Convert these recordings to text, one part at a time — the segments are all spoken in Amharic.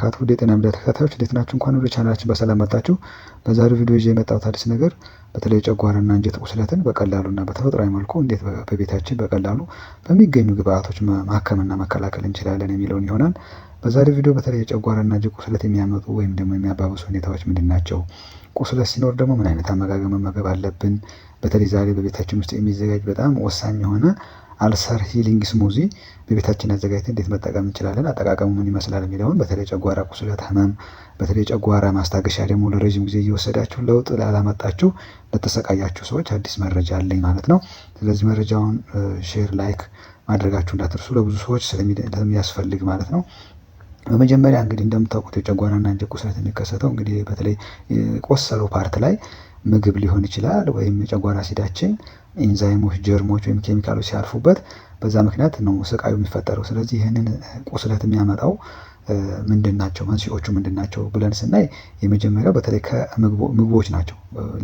ተመልካቾች ወደ ጤና ሚዲያ ተከታታዮች እንዴት ናችሁ? እንኳን ወደ ቻናላችን በሰላም መጣችሁ። በዛሬው ቪዲዮ ይዤ የመጣሁት አዲስ ነገር በተለይ ጨጓራና አንጀት ቁስለትን በቀላሉና በተፈጥሯዊ መልኩ እንዴት በቤታችን በቀላሉ በሚገኙ ግብአቶች ማከምና መከላከል እንችላለን የሚለውን ይሆናል። በዛሬው ቪዲዮ በተለይ ጨጓራና አንጀት ቁስለት የሚያመጡ ወይም ደግሞ የሚያባብሱ ሁኔታዎች ምንድን ናቸው? ቁስለት ሲኖር ደግሞ ምን አይነት አመጋገብ መመገብ አለብን? በተለይ ዛሬ በቤታችን ውስጥ የሚዘጋጅ በጣም ወሳኝ የሆነ አልሰር ሂሊንግ ስሙዚ በቤታችን አዘጋጅተን እንዴት መጠቀም እንችላለን፣ አጠቃቀሙ ምን ይመስላል የሚለውን በተለይ ጨጓራ ቁስለት ህመም፣ በተለይ ጨጓራ ማስታገሻ ደግሞ ለረዥም ጊዜ እየወሰዳችሁ ለውጥ ላላመጣችሁ ለተሰቃያችሁ ሰዎች አዲስ መረጃ አለኝ ማለት ነው። ስለዚህ መረጃውን ሼር፣ ላይክ ማድረጋችሁ እንዳትርሱ ለብዙ ሰዎች ስለሚያስፈልግ ማለት ነው። በመጀመሪያ እንግዲህ እንደምታውቁት የጨጓራና የአንጀት ቁስለት የሚከሰተው እንግዲህ በተለይ ቆሰለው ፓርት ላይ ምግብ ሊሆን ይችላል ወይም የጨጓራ ሲዳችን ኢንዛይሞች፣ ጀርሞች ወይም ኬሚካሎች ሲያልፉበት በዛ ምክንያት ነው ስቃዩ የሚፈጠረው። ስለዚህ ይህንን ቁስለት የሚያመጣው ምንድን ናቸው? መንስኤዎቹ ምንድን ናቸው ብለን ስናይ የመጀመሪያው በተለይ ከምግቦች ናቸው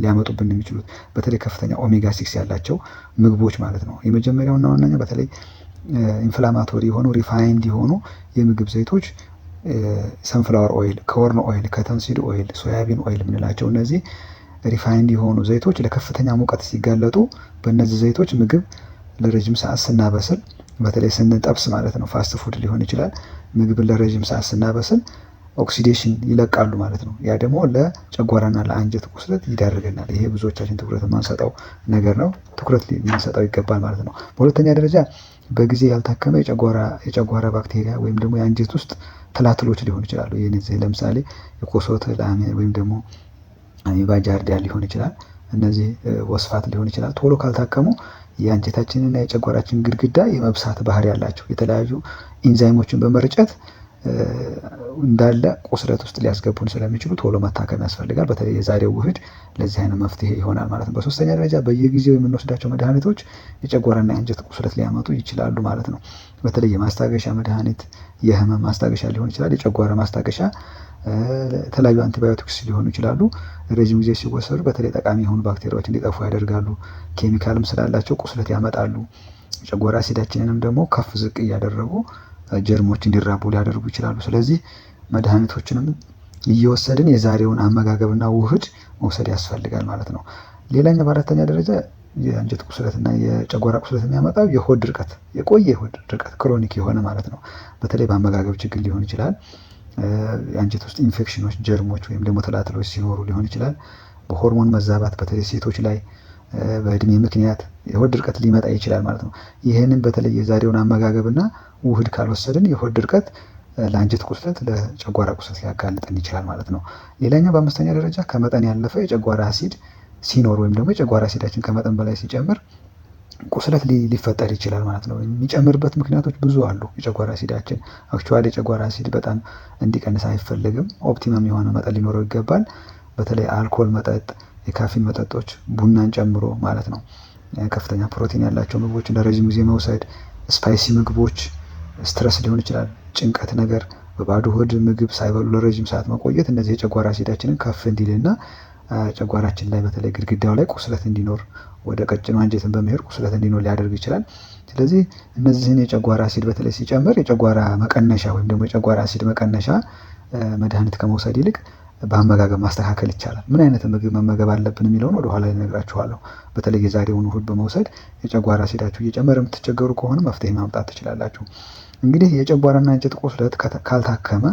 ሊያመጡብን የሚችሉት በተለይ ከፍተኛ ኦሜጋ ሲክስ ያላቸው ምግቦች ማለት ነው። የመጀመሪያውና ዋነኛው በተለይ ኢንፍላማቶሪ የሆኑ ሪፋይንድ የሆኑ የምግብ ዘይቶች ሰንፍላወር ኦይል፣ ከወርን ኦይል፣ ከተንሲድ ኦይል፣ ሶያቢን ኦይል የምንላቸው እነዚህ ሪፋይንድ የሆኑ ዘይቶች ለከፍተኛ ሙቀት ሲጋለጡ በእነዚህ ዘይቶች ምግብ ለረጅም ሰዓት ስናበስል በተለይ ስንጠብስ ማለት ነው፣ ፋስት ፉድ ሊሆን ይችላል። ምግብን ለረዥም ሰዓት ስናበስል ኦክሲዴሽን ይለቃሉ ማለት ነው። ያ ደግሞ ለጨጓራና ለአንጀት ቁስለት ይዳርገናል። ይሄ ብዙዎቻችን ትኩረት የማንሰጠው ነገር ነው። ትኩረት ልንሰጠው ይገባል ማለት ነው። በሁለተኛ ደረጃ በጊዜ ያልታከመ የጨጓራ ባክቴሪያ ወይም ደግሞ የአንጀት ውስጥ ትላትሎች ሊሆን ይችላሉ። ይህ ለምሳሌ የኮሶ ትላሜ ወይም ደግሞ አሚባ ጃርዲያ ሊሆን ይችላል። እነዚህ ወስፋት ሊሆን ይችላል። ቶሎ ካልታከሙ የአንጀታችንና የጨጓራችን ግድግዳ የመብሳት ባህሪ ያላቸው የተለያዩ ኢንዛይሞችን በመርጨት እንዳለ ቁስለት ውስጥ ሊያስገቡን ስለሚችሉ ቶሎ መታከም ያስፈልጋል። በተለይ የዛሬው ውህድ ለዚህ አይነት መፍትሄ ይሆናል ማለት ነው። በሶስተኛ ደረጃ በየጊዜው የምንወስዳቸው መድኃኒቶች የጨጓራና የአንጀት ቁስለት ሊያመጡ ይችላሉ ማለት ነው። በተለይ የማስታገሻ መድኃኒት የህመም ማስታገሻ ሊሆን ይችላል፣ የጨጓራ ማስታገሻ የተለያዩ አንቲባዮቲክስ ሊሆኑ ይችላሉ። ረዥም ጊዜ ሲወሰዱ በተለይ ጠቃሚ የሆኑ ባክቴሪያዎች እንዲጠፉ ያደርጋሉ። ኬሚካልም ስላላቸው ቁስለት ያመጣሉ። ጨጓራ አሲዳችንንም ደግሞ ከፍ ዝቅ እያደረጉ ጀርሞች እንዲራቡ ሊያደርጉ ይችላሉ። ስለዚህ መድኃኒቶችንም እየወሰድን የዛሬውን አመጋገብና ውህድ መውሰድ ያስፈልጋል ማለት ነው። ሌላኛው በአራተኛ ደረጃ የአንጀት ቁስለትና የጨጓራ ቁስለት የሚያመጣው የሆድ ድርቀት፣ የቆየ የሆድ ድርቀት ክሮኒክ የሆነ ማለት ነው። በተለይ በአመጋገብ ችግር ሊሆን ይችላል። የአንጀት ውስጥ ኢንፌክሽኖች፣ ጀርሞች ወይም ደግሞ ተላትሎች ሲኖሩ ሊሆን ይችላል። በሆርሞን መዛባት በተለይ ሴቶች ላይ በእድሜ ምክንያት የሆድ ድርቀት ሊመጣ ይችላል ማለት ነው። ይህንን በተለይ የዛሬውን አመጋገብና ውህድ ካልወሰድን የሆድ ድርቀት ለአንጀት ቁስለት፣ ለጨጓራ ቁስለት ሊያጋልጠን ይችላል ማለት ነው። ሌላኛው በአምስተኛ ደረጃ ከመጠን ያለፈ የጨጓራ አሲድ ሲኖር ወይም ደግሞ የጨጓራ አሲዳችን ከመጠን በላይ ሲጨምር ቁስለት ሊፈጠር ይችላል ማለት ነው። የሚጨምርበት ምክንያቶች ብዙ አሉ። የጨጓራ አሲዳችን አክቹዋሊ የጨጓራ አሲድ በጣም እንዲቀንስ አይፈለግም። ኦፕቲመም የሆነ መጠን ሊኖረው ይገባል። በተለይ አልኮል መጠጥ፣ የካፊን መጠጦች፣ ቡናን ጨምሮ ማለት ነው። ከፍተኛ ፕሮቲን ያላቸው ምግቦች እንደ ረዥም ጊዜ መውሰድ፣ ስፓይሲ ምግቦች፣ ስትረስ ሊሆን ይችላል፣ ጭንቀት ነገር፣ በባዶ ሆድ ምግብ ሳይበሉ ለረዥም ሰዓት መቆየት እነዚህ የጨጓራ አሲዳችንን ከፍ እንዲልና ጨጓራችን ላይ በተለይ ግድግዳው ላይ ቁስለት እንዲኖር ወደ ቀጭኑ አንጀትን በመሄድ ቁስለት እንዲኖር ሊያደርግ ይችላል። ስለዚህ እነዚህን የጨጓራ አሲድ በተለይ ሲጨምር የጨጓራ መቀነሻ ወይም ደግሞ የጨጓራ አሲድ መቀነሻ መድኃኒት ከመውሰድ ይልቅ በአመጋገብ ማስተካከል ይቻላል። ምን አይነት ምግብ መመገብ አለብን የሚለውን ወደኋላ ልነግራችኋለሁ። በተለይ የዛሬውን እሁድ በመውሰድ የጨጓራ አሲዳችሁ እየጨመረ የምትቸገሩ ከሆነ መፍትሄ ማምጣት ትችላላችሁ። እንግዲህ የጨጓራና እንጨት ቁስለት ካልታከመ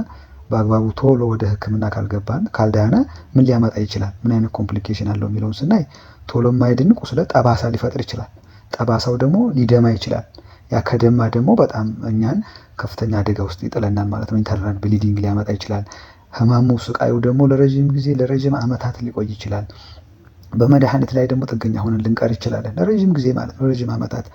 በአግባቡ ቶሎ ወደ ህክምና ካልገባን ካልዳነ ምን ሊያመጣ ይችላል፣ ምን አይነት ኮምፕሊኬሽን አለው የሚለውን ስናይ ቶሎ የማይድን ስለ ጠባሳ ሊፈጥር ይችላል። ጠባሳው ደግሞ ሊደማ ይችላል። ያ ከደማ ደግሞ በጣም እኛን ከፍተኛ አደጋ ውስጥ ይጥለናል ማለት ነው። ኢንተርናል ብሊዲንግ ሊያመጣ ይችላል። ህመሙ ስቃዩ ደግሞ ለረዥም ጊዜ ለረዥም ዓመታት ሊቆይ ይችላል። በመድኃኒት ላይ ደግሞ ጥገኛ ሆነን ልንቀር ይችላለን ለረዥም ጊዜ ማለት ነው፣ ለረዥም ዓመታት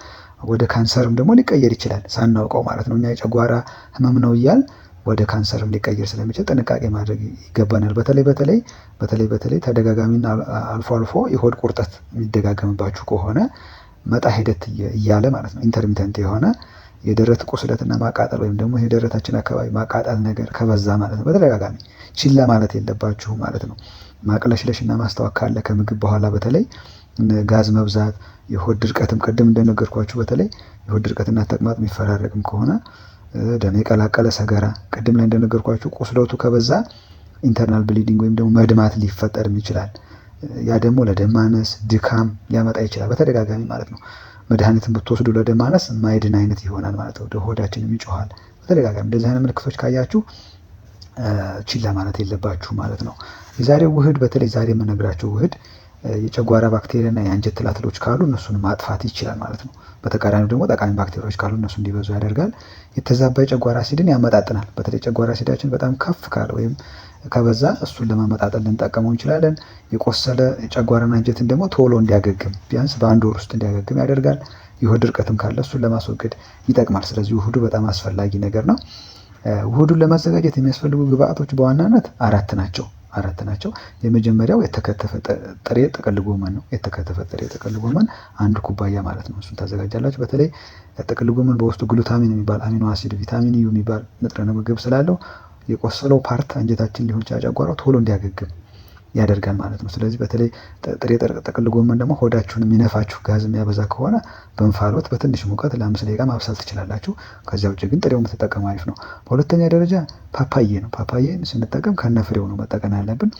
ወደ ካንሰርም ደግሞ ሊቀየር ይችላል ሳናውቀው ማለት ነው። እኛ የጨጓራ ህመም ነው እያል ወደ ካንሰርም ሊቀይር ስለሚችል ጥንቃቄ ማድረግ ይገባናል። በተለይ በተለይ በተለይ በተለይ ተደጋጋሚና አልፎ አልፎ የሆድ ቁርጠት የሚደጋገምባችሁ ከሆነ መጣ ሂደት እያለ ማለት ነው ኢንተርሚተንት የሆነ የደረት ቁስለትና ማቃጠል ወይም ደግሞ የደረታችን አካባቢ ማቃጠል ነገር ከበዛ ማለት ነው በተደጋጋሚ ችላ ማለት የለባችሁ ማለት ነው። ማቅለሽለሽና ማስታወክ ካለ ከምግብ በኋላ በተለይ ጋዝ መብዛት፣ የሆድ ድርቀትም ቅድም እንደነገርኳችሁ በተለይ የሆድ ድርቀትና ተቅማጥ የሚፈራረቅም ከሆነ ደም የቀላቀለ ሰገራ፣ ቅድም ላይ እንደነገርኳችሁ ቁስለቱ ከበዛ ኢንተርናል ብሊዲንግ ወይም ደግሞ መድማት ሊፈጠርም ይችላል። ያ ደግሞ ለደም ማነስ ድካም ሊያመጣ ይችላል በተደጋጋሚ ማለት ነው። መድኃኒትን ብትወስዱ ለደም ማነስ ማይድን አይነት ይሆናል ማለት ነው። ሆዳችንም ይጮኋል በተደጋጋሚ። እንደዚህ አይነት ምልክቶች ካያችሁ ችላ ማለት የለባችሁ ማለት ነው። የዛሬው ውህድ በተለይ ዛሬ የምነግራችሁ ውህድ የጨጓራ ባክቴሪያ የአንጀት ትላትሎች ካሉ እነሱን ማጥፋት ይችላል ማለት ነው። በተቃራኒው ደግሞ ጠቃሚ ባክቴሪያዎች ካሉ እነሱ እንዲበዙ ያደርጋል። የተዛባ የጨጓራ አሲድን ያመጣጥናል። በተለይ ጨጓራ አሲዳችን በጣም ከፍ ካለ ወይም ከበዛ እሱን ለማመጣጠን ልንጠቀመው እንችላለን። የቆሰለ ጨጓራና አንጀትን ደግሞ ቶሎ እንዲያገግም ቢያንስ በአንድ ወር ውስጥ እንዲያገግም ያደርጋል። የሆድ ድርቀትም ካለ እሱን ለማስወገድ ይጠቅማል። ስለዚህ ውህዱ በጣም አስፈላጊ ነገር ነው። ውህዱን ለማዘጋጀት የሚያስፈልጉ ግብአቶች በዋናነት አራት ናቸው። አራት ናቸው። የመጀመሪያው የተከተፈ ጥሬ ጥቅል ጎመን ነው። የተከተፈ ጥሬ ጥቅል ጎመን አንድ ኩባያ ማለት ነው። እሱን ታዘጋጃላችሁ። በተለይ ጥቅል ጎመን በውስጡ ግሉታሚን የሚባል አሚኖ አሲድ፣ ቪታሚን ዩ የሚባል ንጥረ ምግብ ስላለው የቆሰለው ፓርት አንጀታችን ሊሆን ይችላል ጨጓራው ቶሎ እንዲያገግም ያደርጋል ማለት ነው። ስለዚህ በተለይ ጥሬ ጥቅል ጎመን ደግሞ ሆዳችሁን የሚነፋችሁ ጋዝ የሚያበዛ ከሆነ በእንፋሎት በትንሽ ሙቀት ለአምስት ደቂቃ ማብሳል ትችላላችሁ። ከዚያ ውጭ ግን ጥሬው የምትጠቀሙ አሪፍ ነው። በሁለተኛ ደረጃ ፓፓዬ ነው። ፓፓዬን ስንጠቀም ከነ ፍሬው ነው መጠቀም ያለብን።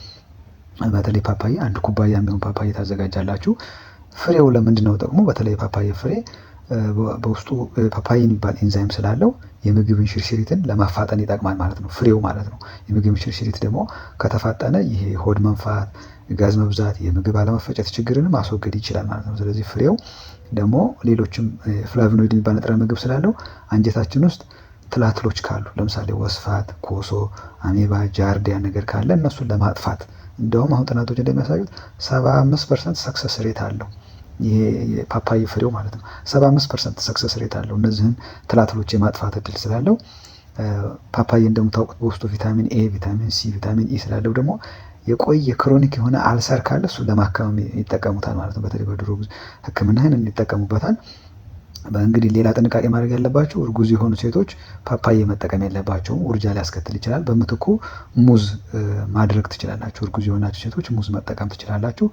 በተለይ ፓፓዬ አንድ ኩባያ የሚሆን ፓፓዬ ታዘጋጃላችሁ። ፍሬው ለምንድን ነው ጠቅሞ? በተለይ ፓፓዬ ፍሬ በውስጡ ፓፓይ የሚባል ኤንዛይም ስላለው የምግብ እንሽርሽሪትን ለማፋጠን ይጠቅማል ማለት ነው። ፍሬው ማለት ነው። የምግብ እንሽርሽሪት ደግሞ ከተፋጠነ ይሄ ሆድ መንፋት፣ ጋዝ መብዛት፣ የምግብ አለመፈጨት ችግርን ማስወገድ ይችላል ማለት ነው። ስለዚህ ፍሬው ደግሞ ሌሎችም ፍላቪኖይድ የሚባል ንጥረ ምግብ ስላለው አንጀታችን ውስጥ ትላትሎች ካሉ ለምሳሌ ወስፋት፣ ኮሶ፣ አሜባ፣ ጃርዲያ ነገር ካለ እነሱን ለማጥፋት እንደውም አሁን ጥናቶች እንደሚያሳዩት ሰባ አምስት ፐርሰንት ሰክሰስ ሬት አለው። ይሄ የፓፓይ ፍሬው ማለት ነው 75 ፐርሰንት ሰክሰስ ሬት አለው። እነዚህን ትላትሎች የማጥፋት እድል ስላለው ፓፓይ እንደምታውቁት በውስጡ ቪታሚን ኤ፣ ቪታሚን ሲ፣ ቪታሚን ኢ ስላለው ደግሞ የቆየ ክሮኒክ የሆነ አልሰር ካለ እሱ ለማከም ይጠቀሙታል ማለት ነው። በተለይ በድሮ ጊዜ ሕክምናን ይጠቀሙበታል። እንግዲህ ሌላ ጥንቃቄ ማድረግ ያለባቸው እርጉዝ የሆኑ ሴቶች ፓፓዬ መጠቀም የለባቸውም። ውርጃ ሊያስከትል ይችላል። በምትኩ ሙዝ ማድረግ ትችላላችሁ። እርጉዝ የሆናቸው ሴቶች ሙዝ መጠቀም ትችላላችሁ።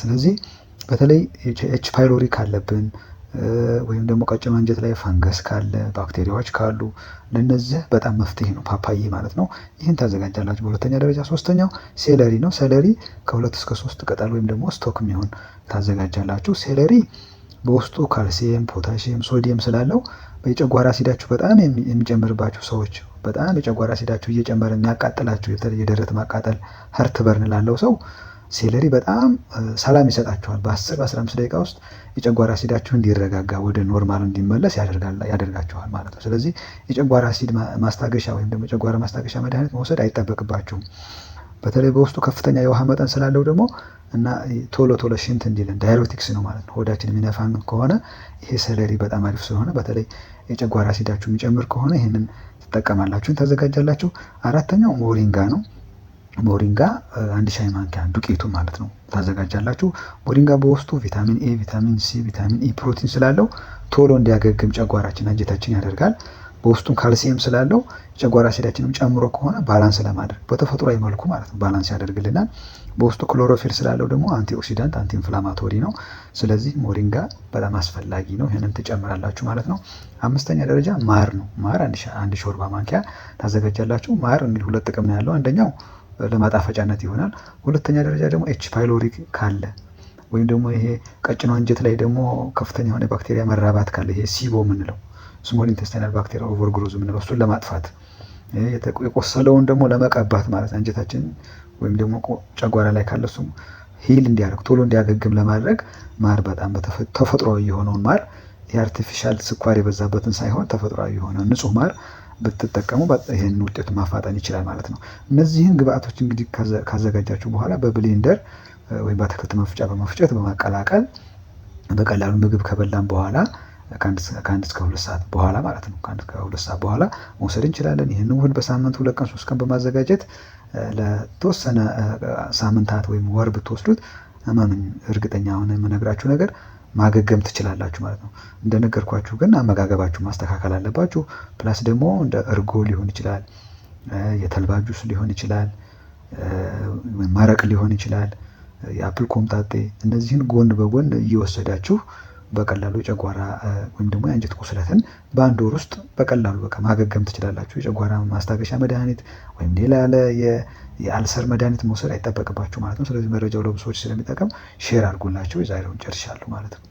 ስለዚህ በተለይ ኤች ፓይሎሪ ካለብን ወይም ደግሞ ቀጭን አንጀት ላይ ፈንገስ ካለ ባክቴሪያዎች ካሉ ለነዚህ በጣም መፍትሄ ነው ፓፓዬ ማለት ነው። ይህን ታዘጋጃላችሁ በሁለተኛ ደረጃ። ሶስተኛው ሴለሪ ነው። ሴለሪ ከሁለት እስከ ሶስት ቅጠል ወይም ደግሞ ስቶክ የሚሆን ታዘጋጃላችሁ። ሴለሪ በውስጡ ካልሲየም፣ ፖታሽየም፣ ሶዲየም ስላለው የጨጓራ አሲዳችሁ በጣም የሚጨምርባችሁ ሰዎች በጣም የጨጓራ አሲዳችሁ እየጨመረ የሚያቃጥላችሁ የደረት ማቃጠል ሀርት በርን ላለው ሰው ሴለሪ በጣም ሰላም ይሰጣቸዋል በ በ10 በ15 ደቂቃ ውስጥ የጨጓራ አሲዳቸው እንዲረጋጋ ወደ ኖርማል እንዲመለስ ያደርጋቸዋል ማለት ነው። ስለዚህ የጨጓራ አሲድ ማስታገሻ ወይም ደግሞ የጨጓራ ማስታገሻ መድኃኒት መውሰድ አይጠበቅባቸውም። በተለይ በውስጡ ከፍተኛ የውሃ መጠን ስላለው ደግሞ እና ቶሎ ቶሎ ሽንት እንዲለን ዳይሮቲክስ ነው ማለት ነው። ሆዳችን የሚነፋን ከሆነ ይሄ ሰለሪ በጣም አሪፍ ስለሆነ በተለይ የጨጓራ አሲዳችሁ የሚጨምር ከሆነ ይህንን ትጠቀማላችሁ፣ ታዘጋጃላችሁ። አራተኛው ሞሪንጋ ነው። ሞሪንጋ አንድ ሻይ ማንኪያ ዱቄቱ ማለት ነው ታዘጋጃላችሁ። ሞሪንጋ በውስጡ ቪታሚን ኤ፣ ቪታሚን ሲ፣ ቪታሚን ኢ፣ ፕሮቲን ስላለው ቶሎ እንዲያገግም ጨጓራችን አንጀታችን ያደርጋል። በውስጡም ካልሲየም ስላለው የጨጓራ አሲዳችንም ጨምሮ ከሆነ ባላንስ ለማድረግ በተፈጥሯዊ መልኩ ማለት ነው ባላንስ ያደርግልናል። በውስጡ ክሎሮፊል ስላለው ደግሞ አንቲኦክሲዳንት አንቲ ኢንፍላማቶሪ ነው። ስለዚህ ሞሪንጋ በጣም አስፈላጊ ነው። ይህንን ትጨምራላችሁ ማለት ነው። አምስተኛ ደረጃ ማር ነው። ማር አንድ ሾርባ ማንኪያ ታዘጋጃላችሁ። ማር እንግዲህ ሁለት ጥቅም ነው ያለው አንደኛው ለማጣፈጫነት ይሆናል። ሁለተኛ ደረጃ ደግሞ ኤች ፓይሎሪ ካለ ወይም ደግሞ ይሄ ቀጭን አንጀት ላይ ደግሞ ከፍተኛ የሆነ ባክቴሪያ መራባት ካለ ይሄ ሲቦ የምንለው ስሞል ኢንተስታይናል ባክቴሪያ ኦቨርግሮዝ የምንለው እሱን ለማጥፋት የቆሰለውን ደግሞ ለመቀባት ማለት አንጀታችን ወይም ደግሞ ጨጓራ ላይ ካለ እሱም ሂል እንዲያደርግ ቶሎ እንዲያገግም ለማድረግ ማር በጣም ተፈጥሯዊ የሆነውን ማር የአርቲፊሻል ስኳር የበዛበትን ሳይሆን ተፈጥሯዊ የሆነ ንጹህ ማር ብትጠቀሙ ይህን ውጤት ማፋጠን ይችላል ማለት ነው። እነዚህን ግብአቶች እንግዲህ ካዘጋጃችሁ በኋላ በብሌንደር ወይም በአትክልት መፍጫ በመፍጨት በማቀላቀል በቀላሉ ምግብ ከበላን በኋላ ከአንድ እስከ ሁለት ሰዓት በኋላ ማለት ነው። ከአንድ እስከ ሁለት ሰዓት በኋላ መውሰድ እንችላለን። ይህን ውህድ በሳምንት ሁለት ቀን ሶስት ቀን በማዘጋጀት ለተወሰነ ሳምንታት ወይም ወር ብትወስዱት እመኑኝ እርግጠኛ ሆነ የምነግራችሁ ነገር ማገገም ትችላላችሁ ማለት ነው። እንደነገርኳችሁ ግን አመጋገባችሁ ማስተካከል አለባችሁ። ፕላስ ደግሞ እንደ እርጎ ሊሆን ይችላል፣ የተልባ ጁስ ሊሆን ይችላል፣ መረቅ ሊሆን ይችላል፣ የአፕል ኮምጣጤ እነዚህን ጎን በጎን እየወሰዳችሁ በቀላሉ የጨጓራ ወይም ደግሞ የአንጀት ቁስለትን በአንድ ወር ውስጥ በቀላሉ በቃ ማገገም ትችላላችሁ። የጨጓራ ማስታገሻ መድኃኒት ወይም ሌላ ያለ የአልሰር መድኃኒት መውሰድ አይጠበቅባችሁ ማለት ነው። ስለዚህ መረጃው ለብዙ ስለሚጠቀም ሼር አድርጎላቸው የዛሬውን ጨርሻለሁ ማለት ነው።